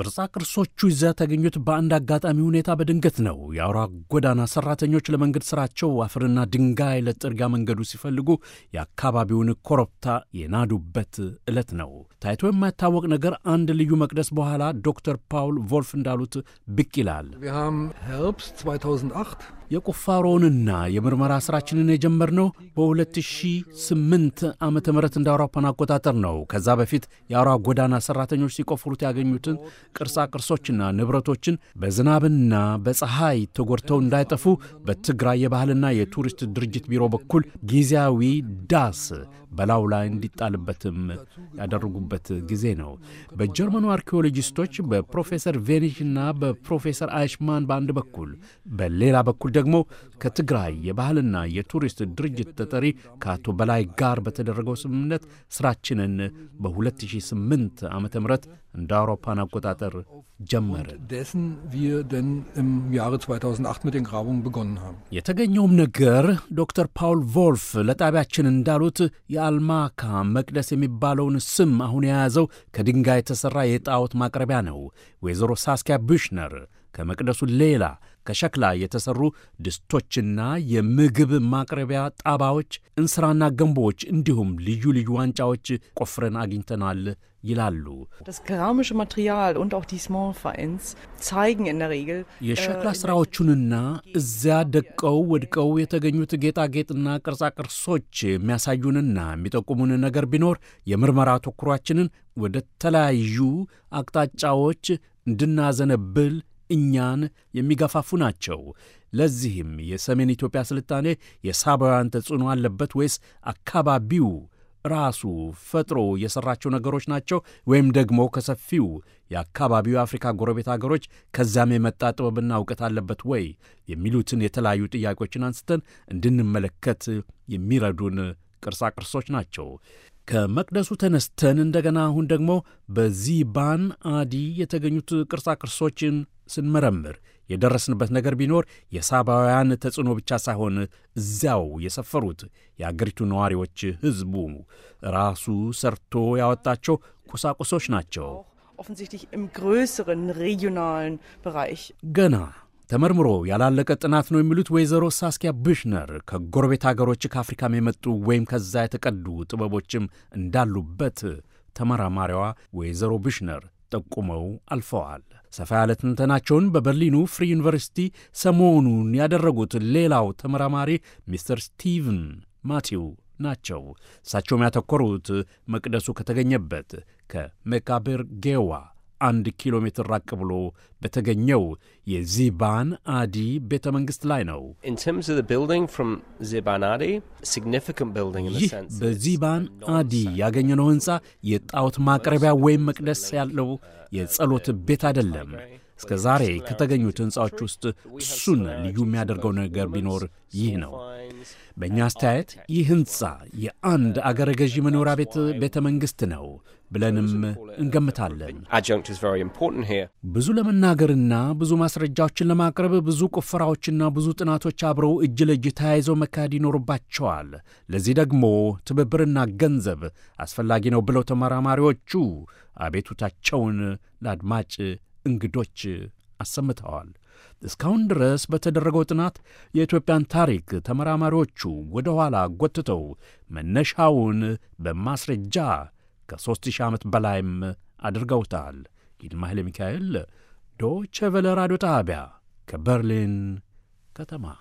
ቅርጻ ቅርሶቹ ይዛ ተገኙት በአንድ አጋጣሚ ሁኔታ በድንገት ነው። የአውራ ጎዳና ሰራተኞች ለመንገድ ስራቸው አፈርና ድንጋይ ለጥርጊያ መንገዱ ሲፈልጉ የአካባቢውን ኮረብታ የናዱበት ዕለት ነው። ታይቶ የማይታወቅ ነገር አንድ ልዩ መቅደስ በኋላ ዶክተር ፓውል ቮልፍ እንዳሉት ብቅ ይላል። የቁፋሮንና የምርመራ ስራችንን የጀመርነው በ2008 ዓ ም እንደ አውሮፓን አቆጣጠር ነው። ከዛ በፊት የአውራ ጎዳና ሠራተኞች ሲቆፍሩት ያገኙትን ቅርሳቅርሶችና ንብረቶችን በዝናብና በፀሐይ ተጎድተው እንዳይጠፉ በትግራይ የባህልና የቱሪስት ድርጅት ቢሮ በኩል ጊዜያዊ ዳስ በላዩ ላይ እንዲጣልበትም ያደረጉበት ጊዜ ነው። በጀርመኑ አርኪኦሎጂስቶች በፕሮፌሰር ቬኒሽ እና በፕሮፌሰር አይሽማን በአንድ በኩል፣ በሌላ በኩል ደግሞ ከትግራይ የባህልና የቱሪስት ድርጅት ተጠሪ ከአቶ በላይ ጋር በተደረገው ስምምነት ስራችንን በ2008 ዓ ም እንደ አውሮፓን አቆጣጠር ጀመርን። የተገኘውም ነገር ዶክተር ፓውል ቮልፍ ለጣቢያችን እንዳሉት የ አልማካ መቅደስ የሚባለውን ስም አሁን የያዘው ከድንጋይ የተሠራ የጣዖት ማቅረቢያ ነው። ወይዘሮ ሳስኪያ ቡሽነር ከመቅደሱ ሌላ ከሸክላ የተሠሩ ድስቶችና የምግብ ማቅረቢያ ጣባዎች፣ እንስራና ገንቦዎች እንዲሁም ልዩ ልዩ ዋንጫዎች ቆፍረን አግኝተናል ይላሉ። äh, የሸክላ ሥራዎቹንና እዚያ ደቀው ወድቀው የተገኙት ጌጣጌጥና ቅርጻቅርሶች የሚያሳዩንና የሚጠቁሙን ነገር ቢኖር የምርመራ ትኩሯችንን ወደ ተለያዩ አቅጣጫዎች እንድናዘነብል እኛን የሚገፋፉ ናቸው። ለዚህም የሰሜን ኢትዮጵያ ሥልጣኔ የሳባውያን ተጽዕኖ አለበት ወይስ አካባቢው ራሱ ፈጥሮ የሠራቸው ነገሮች ናቸው ወይም ደግሞ ከሰፊው የአካባቢው የአፍሪካ ጎረቤት አገሮች ከዚያም የመጣ ጥበብና እውቀት አለበት ወይ የሚሉትን የተለያዩ ጥያቄዎችን አንስተን እንድንመለከት የሚረዱን ቅርሳቅርሶች ናቸው። ከመቅደሱ ተነስተን እንደገና አሁን ደግሞ በዚባን አዲ የተገኙት ቅርሳቅርሶችን ስንመረምር የደረስንበት ነገር ቢኖር የሳባውያን ተጽዕኖ ብቻ ሳይሆን እዚያው የሰፈሩት የአገሪቱ ነዋሪዎች፣ ሕዝቡ ራሱ ሰርቶ ያወጣቸው ቁሳቁሶች ናቸው። ገና ተመርምሮ ያላለቀ ጥናት ነው የሚሉት ወይዘሮ ሳስኪያ ብሽነር ከጎረቤት ሀገሮች ከአፍሪካም የመጡ ወይም ከዛ የተቀዱ ጥበቦችም እንዳሉበት ተመራማሪዋ ወይዘሮ ብሽነር ጠቁመው አልፈዋል። ሰፋ ያለ ትንተናቸውን በበርሊኑ ፍሪ ዩኒቨርሲቲ ሰሞኑን ያደረጉት ሌላው ተመራማሪ ሚስተር ስቲቭን ማቲው ናቸው። እሳቸውም ያተኮሩት መቅደሱ ከተገኘበት ከሜካቤር ጌዋ አንድ ኪሎ ሜትር ራቅ ብሎ በተገኘው የዚባን አዲ ቤተ መንግሥት ላይ ነው። ይህ በዚባን አዲ ያገኘነው ሕንፃ የጣዖት ማቅረቢያ ወይም መቅደስ ያለው የጸሎት ቤት አይደለም። እስከ ዛሬ ከተገኙት ሕንፃዎች ውስጥ እሱን ልዩ የሚያደርገው ነገር ቢኖር ይህ ነው። በእኛ አስተያየት ይህ ሕንፃ የአንድ አገረ ገዢ መኖሪያ ቤት ቤተ መንግሥት ነው ብለንም እንገምታለን። ብዙ ለመናገርና ብዙ ማስረጃዎችን ለማቅረብ ብዙ ቁፈራዎችና ብዙ ጥናቶች አብረው እጅ ለእጅ ተያይዘው መካሄድ ይኖርባቸዋል። ለዚህ ደግሞ ትብብርና ገንዘብ አስፈላጊ ነው ብለው ተመራማሪዎቹ አቤቱታቸውን ለአድማጭ እንግዶች አሰምተዋል። እስካሁን ድረስ በተደረገው ጥናት የኢትዮጵያን ታሪክ ተመራማሪዎቹ ወደ ኋላ ጎትተው መነሻውን በማስረጃ ከሦስት ሺህ ዓመት በላይም አድርገውታል። ይልማ ኃይለ ሚካኤል ዶቸ ቨለ ራዲዮ ጣቢያ ከበርሊን ከተማ